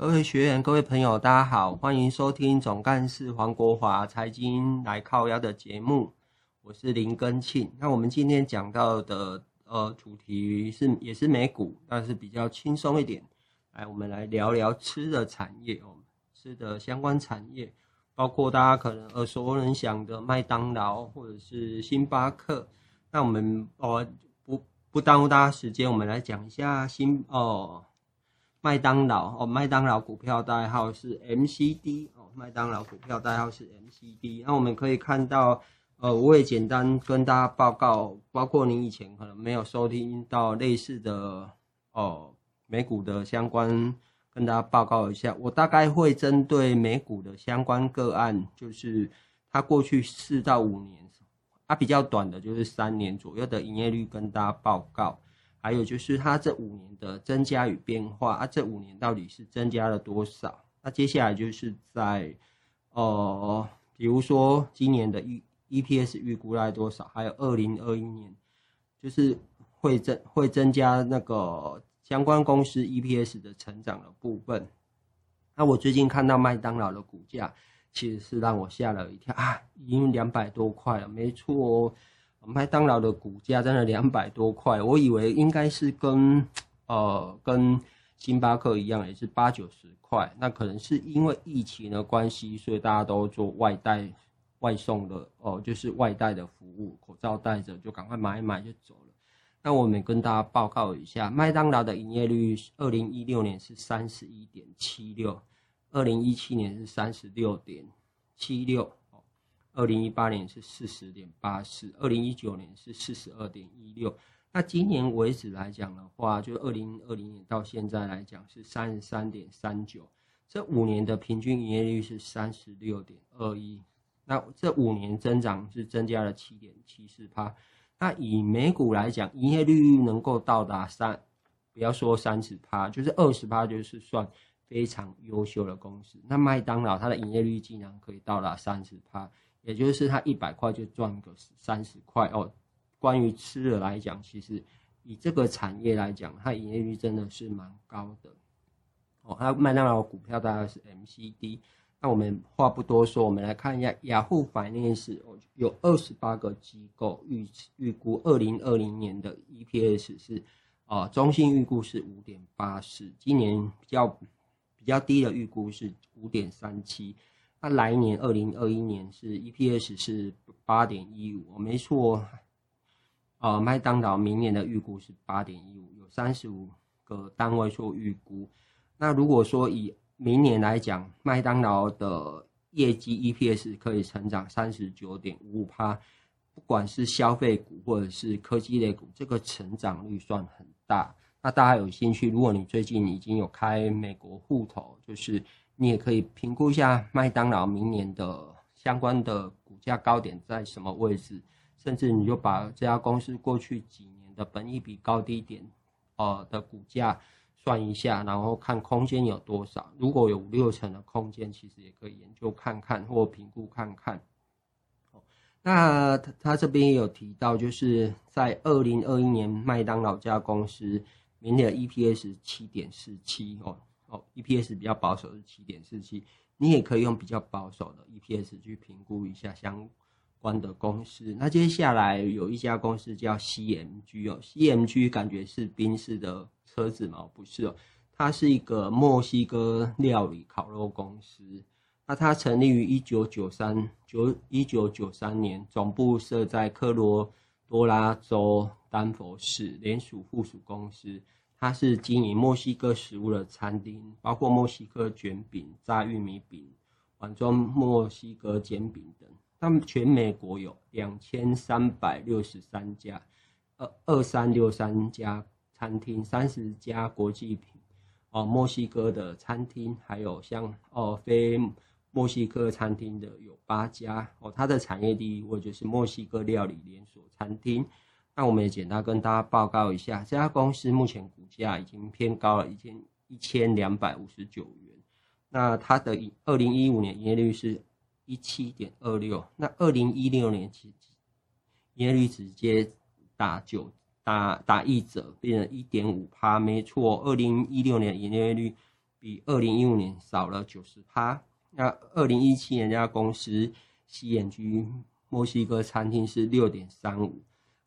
各位學員、各位朋友，大家好，歡迎收聽總幹事黃國華財經來靠押的節目，我是林根慶。那我們今天講到的呃主題是也是美股，但是比較輕鬆一點。來，我們來聊聊吃的產業哦，吃的相關產業，包括大家可能耳熟能詳的麥當勞或者是星巴克。那我們哦、呃、不不耽誤大家時間，我們來講一下星哦。呃麥當勞哦，麥當勞股票代號是 MCD 哦，麥當勞股票代號是 MCD。那我們可以看到，呃，我也簡單跟大家報告，包括你以前可能沒有收聽到類似的哦，美股的相關，跟大家報告一下。我大概會針對美股的相關個案，就是它過去四到五年，它、啊、比較短的就是三年左右的營業率，跟大家報告。還有就是它這五年的增加與變化啊，這五年到底是增加了多少？那接下來就是在，哦，呃，比如說今年的 EPS 預估來多少？還有二零二一年就是會增會增加那個相關公司 EPS 的成長的部分。那我最近看到麥當勞的股價其實是讓我嚇了一跳啊，已經兩百多塊了，沒錯哦。麥當勞的股價在那兩百多塊，我以為應該是跟，呃，跟星巴克一樣也是八九十塊。那可能是因為疫情的關係，所以大家都做外帶、外送的，哦、呃，就是外帶的服務，口罩戴着就趕快買一買就走了。那我們也跟大家報告一下，麥當勞的營業率，二零一六年是三十一點七六，二零一七年是三十六點七六。二零一八年是四十點八四，二零一九年是四十二點一六，那今年為止來講的話，就二零二零年到現在來講是三十三點三九，這五年的平均營業率是三十六點二一，那這五年增長是增加了七點七四趴，那以美股來講，營業率能夠到達三，不要說三十趴，就是二十趴就是算非常優秀的公司。那麥當勞它的營業率竟然可以到達三十趴。也就是它一百塊就賺個三十塊哦。關於吃的來講，其實以這個產業來講，它盈利率真的是蠻高的哦。那麥當勞股票大概是 MCD。那我們話不多說，我們來看一下雅虎 Finance。是有二十八個機構預預估二零二零年的 EPS 是啊、哦，中性預估是五點八四，今年比較比較低的預估是五點三七。那來年二零二一年，是 EPS 是八點一五，沒錯。呃，麥當勞明年的預估是八點一五，有三十五個單位做預估。那如果說以明年來講，麥當勞的業績 EPS 可以成長三十九點五五%，趴，不管是消費股或者是科技類股，這個成長率算很大。那大家有興趣，如果你最近已經有開美國戶頭，就是。你也可以評估一下麥當勞明年的相關的股價高點在什麼位置，甚至你就把這家公司過去幾年的本益比高低點，的股價算一下，然後看空間有多少。如果有五六成的空間，其實也可以研究看看或評估看看。哦，那他他這邊也有提到，就是在二零二一年麥當勞這家公司明年的 EPS 是七點四七哦。哦、oh,，EPS 比較保守是七點四七，你也可以用比較保守的 EPS 去評估一下相關的公司。那接下來有一家公司叫 CMG 哦，CMG 感覺是賓士的車子嗎？不是哦，它是一個墨西哥料理烤肉公司。那它成立於一九九三九一九九三年，總部設在科羅拉多州丹佛市，聯屬附屬公司。它是經營墨西哥食物的餐廳，包括墨西哥捲餅、炸玉米餅、碗裝墨西哥煎餅等。它全美國有兩千三百六十三家，二二三六三家餐廳，三十家國際品哦，墨西哥的餐廳，還有像、哦、非墨西哥餐廳的有八家哦。它的產業地位就是墨西哥料理連鎖餐廳。那我們也簡單跟大家報告一下，這家公司目前股價已經偏高了，一千一千兩百五十九元。那它的二零一五年營業率是一七點二六，那二零一六年其營業率直接打九打打一折，變成一點五趴，沒錯。二零一六年營業率比二零一五年少了九十趴。那二零一七年這家公司吸引居墨西哥餐廳是六點三五。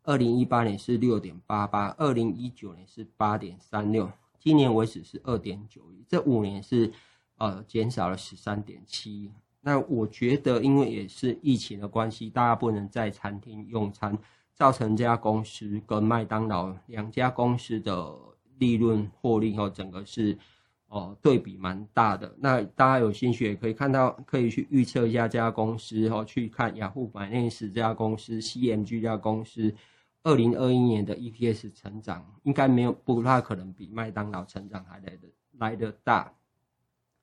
二零一八年是六點八八，二零一九年是八點三六，今年為止是二點九一，這五年是，呃，減少了十三點七。那我覺得，因為也是疫情的關係，大家不能在餐廳用餐，造成這家公司跟麥當勞兩家公司的利潤獲利哦，整個是，哦、呃，對比蠻大的。那大家有興趣也可以看到，可以去預測一下這家公司哦，去看雅虎、百鏈、這家公司，CMG 這家公司。二零二一年的 EPS 成長應該沒有，不太可能比麥當勞成長還來的來的大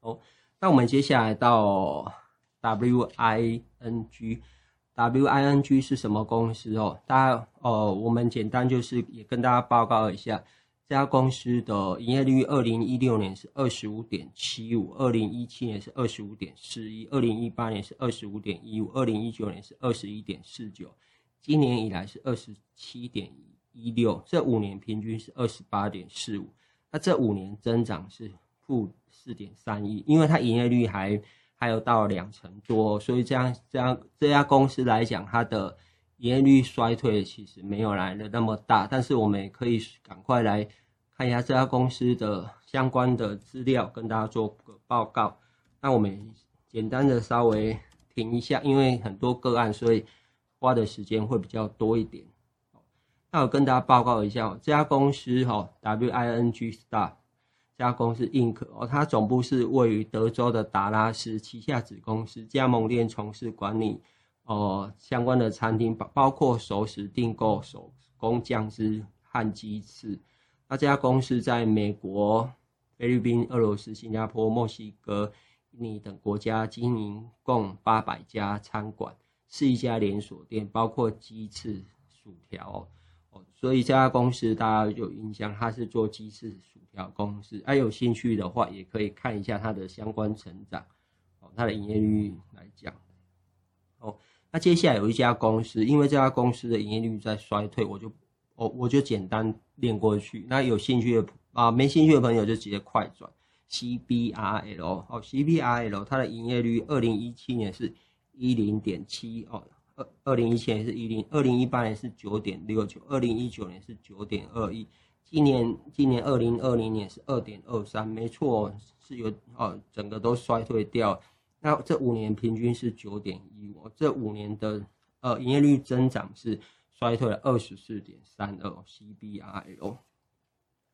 哦。那我們接下來到 WING，WING 是什麼公司哦？大家哦，我們簡單就是也跟大家報告一下這家公司的營業率，二零一六年是二十五點七五，二零一七年是二十五點四一，二零一八年是二十五點一五，二零一九年是二十一點四九。今年以來是二十七點一六，這五年平均是二十八點四五，那這五年增長是負四點三一，因為它營業率還還有到兩成多，所以這樣這樣這家公司來講，它的營業率衰退其實沒有來得那麼大，但是我們也可以趕快來看一下這家公司的相關的資料，跟大家做個報告。那我們簡單的稍微停一下，因為很多個案，所以。花的時間會比較多一點。那我跟大家報告一下，這家公司哈，Wingstar 這家公司 Inc. 哦，它總部是位於德州的達拉斯，旗下子公司加盟店從事管理哦、呃、相關的餐廳，包括熟食訂購、手工醬汁和雞翅。那這家公司在美國、菲律賓、俄羅斯、新加坡、墨西哥、印尼等國家經營共八百家餐館。是一家連鎖店，包括雞翅、薯條，哦，所以這家公司大家有印象，它是做雞翅、薯條公司。還、啊、有興趣的話，也可以看一下它的相關成長，它的營業率來講，哦，那接下來有一家公司，因為這家公司的營業率在衰退，我就，我就簡單練過去。那有興趣的啊，沒興趣的朋友就直接快轉。C B R L，哦，C B R L，它的營業率，二零一七年是。一零點七二，二二零一七年是一零，二零一八年是九點六九，二零一九年是九點二一，今年今年二零二零年是二點二三，沒錯，是有哦，整個都衰退掉。那這五年平均是九點一五，這五年的呃營業率增長是衰退了二十四點三二，CBRL。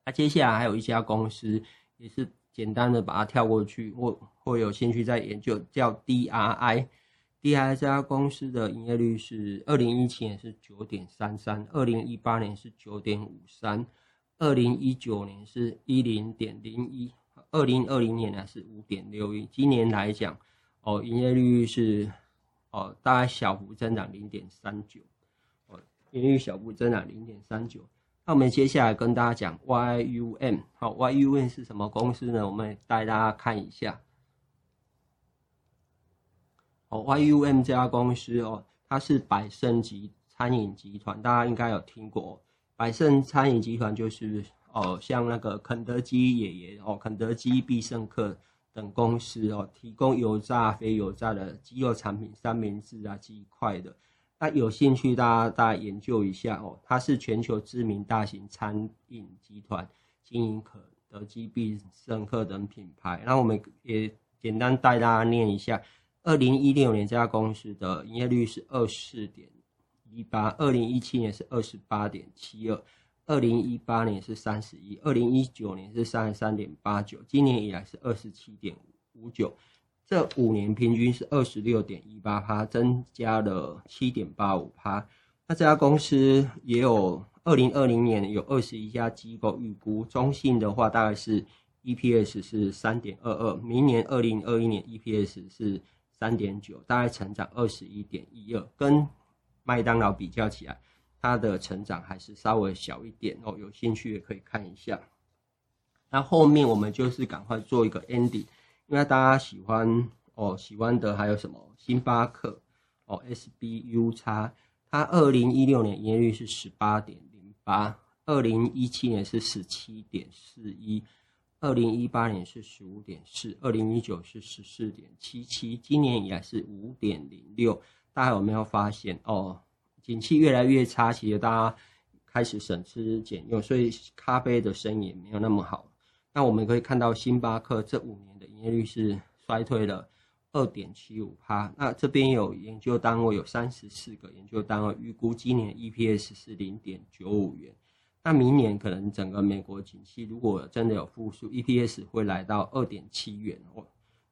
那接下來還有一家公司，也是簡單的把它跳過去，或會有興趣再研究，叫 DRI。第二家公司的營業率是二零一七年是九點三三，二零一八年是九點五三，二零一九年是一零點零一，二零二零年呢是五點六一。今年來講，哦，營業率是哦，大概小幅增長零點三九，哦，營業率小幅增長零點三九。那我們接下來跟大家講 YUM 好，YUM 是什麼公司呢？我們帶大家看一下。YUM 這家公司哦，它是百勝集餐飲集團，大家應該有聽過。百勝餐飲集團就是哦，像那個肯德基爺爺哦，肯德基、必勝客等公司哦，提供油炸、非油炸的雞肉產品、三明治啊、雞塊的。那有興趣大家大家研究一下哦，它是全球知名大型餐飲集團，經營肯德基、必勝客等品牌。那我們也簡單帶大家念一下。二零一六年這家公司的營業率是二四點一八，二零一七年是二十八點七二，二零一八年是三十一，二零一九年是三十三點八九，今年以來是二十七點五九，這五年平均是二十六點一八趴，增加了七點八五趴。那這家公司也有二零二零年有二十一家機構預估，中信的話大概是 EPS 是三點二二，明年二零二一年 EPS 是。三點九，9, 大概成長二十一點一二，跟麥當勞比較起來，它的成長還是稍微小一點哦。有興趣也可以看一下。那後面我們就是趕快做一個 ending，因為大家喜歡哦，喜歡的還有什麼星巴克哦，SBUX，它二零一六年營業率是十八點零八，二零一七年是十七點四一。二零一八年是十五點四，二零一九是十四點七七，今年也是五點零六。大家有沒有發現哦？景氣越來越差，其實大家開始省吃儉用，所以咖啡的生意也沒有那麼好。那我們可以看到，星巴克這五年的營業率是衰退了二點七五趴，那這邊有研究單位，有三十四個研究單位，預估今年 EPS 是零點九五元。那明年可能整個美國景氣如果真的有復甦，EPS 會來到二點七元哦，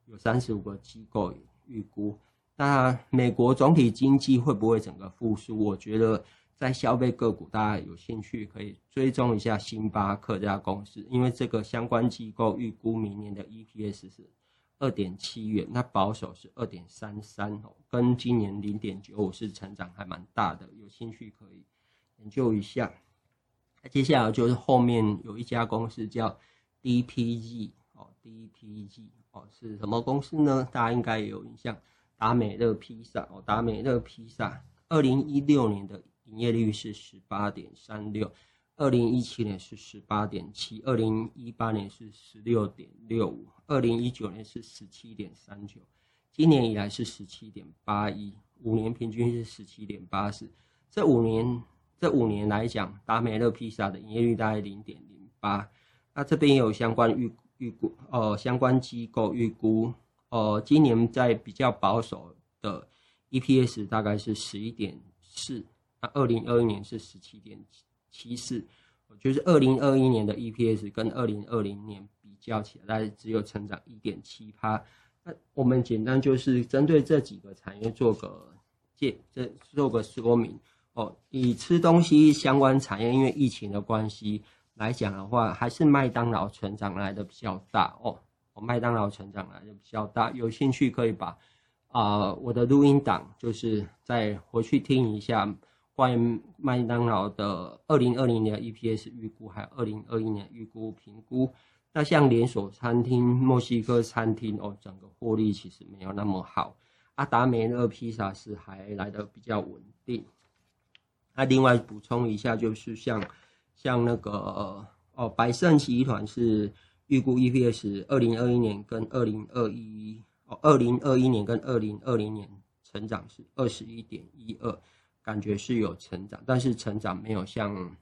有三十五個機構預估。那美國總體經濟會不會整個復甦？我覺得在消費個股，大家有興趣可以追蹤一下星巴克這家公司，因為這個相關機構預估明年的 EPS 是二點七元，那保守是二點三三哦，跟今年零點九五是成長還蠻大的，有興趣可以研究一下。那接下來就是後面有一家公司叫 DPG 哦，DPG 哦，是什麼公司呢？大家應該也有印象，達美樂披薩哦，達美樂披薩。二零一六年的營業率是十八點三六，二零一七年是十八點七，二零一八年是十六點六五，二零一九年是十七點三九，今年以來是十七點八一，五年平均是十七點八四，這五年。這五年來講，達美樂披薩的營業率大概零點零八。那這邊也有相關預估預估，哦、呃，相關機構預估，哦、呃，今年在比較保守的 EPS 大概是十一點四，那二零二一年是十七點七四，就是二零二一年的 EPS 跟二零二零年比較起來，大概只有成長一點七趴。那我們簡單就是針對這幾個產業做個介，這做個說明。哦，以吃東西相關產業，因為疫情的關係來講的話，還是麥當勞成長來的比較大哦。麥當勞成長來的比較大，有興趣可以把啊、呃、我的錄音檔，就是再回去聽一下，關於麥當勞的二零二零年 EPS 預估，還有二零二一年預估評估。那像連鎖餐廳、墨西哥餐廳哦，整個獲利其實沒有那麼好。阿達美樂披薩是還來的比較穩定。那另外補充一下，就是像，像那個哦，百勝集團是預估 EPS 二零二一年跟二零二一哦，二零二一年跟二零二零年成長是二十一點一二，感覺是有成長，但是成長沒有像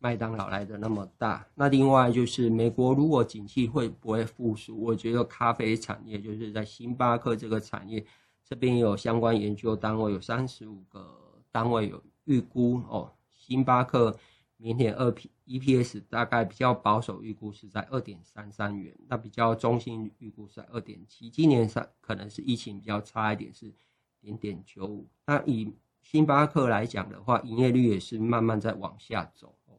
麥當勞來的那麼大。那另外就是美國如果景氣會不會復甦？我覺得咖啡產業就是在星巴克這個產業這邊也有相關研究單位有三十五個單位有。預估哦，星巴克明年二 P EPS 大概比較保守預估是在二點三三元，那比較中性預估是在二點七，今年上可能是疫情比較差一點是零點九五。那以星巴克來講的話，營業率也是慢慢在往下走。哦、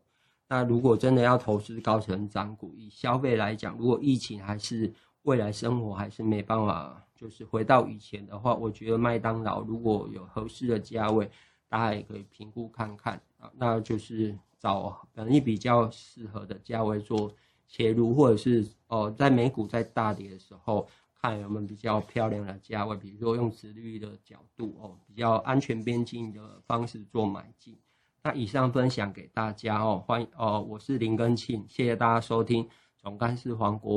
那如果真的要投資高成長股，以消費來講，如果疫情還是未來生活還是沒辦法就是回到以前的話，我覺得麥當勞如果有合適的價位，大家也可以評估看看啊，那就是找可能比較適合的價位做切入，或者是哦、呃，在美股在大跌的時候，看有沒有比較漂亮的價位，比如說用殖利率的角度哦，比較安全邊境的方式做買進。那以上分享給大家哦，歡迎哦，我是林根慶，謝謝大家收聽，總幹事黃國。